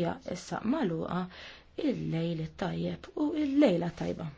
hija issa magħluqa il-lejl tajjeb u il-lejla tajba.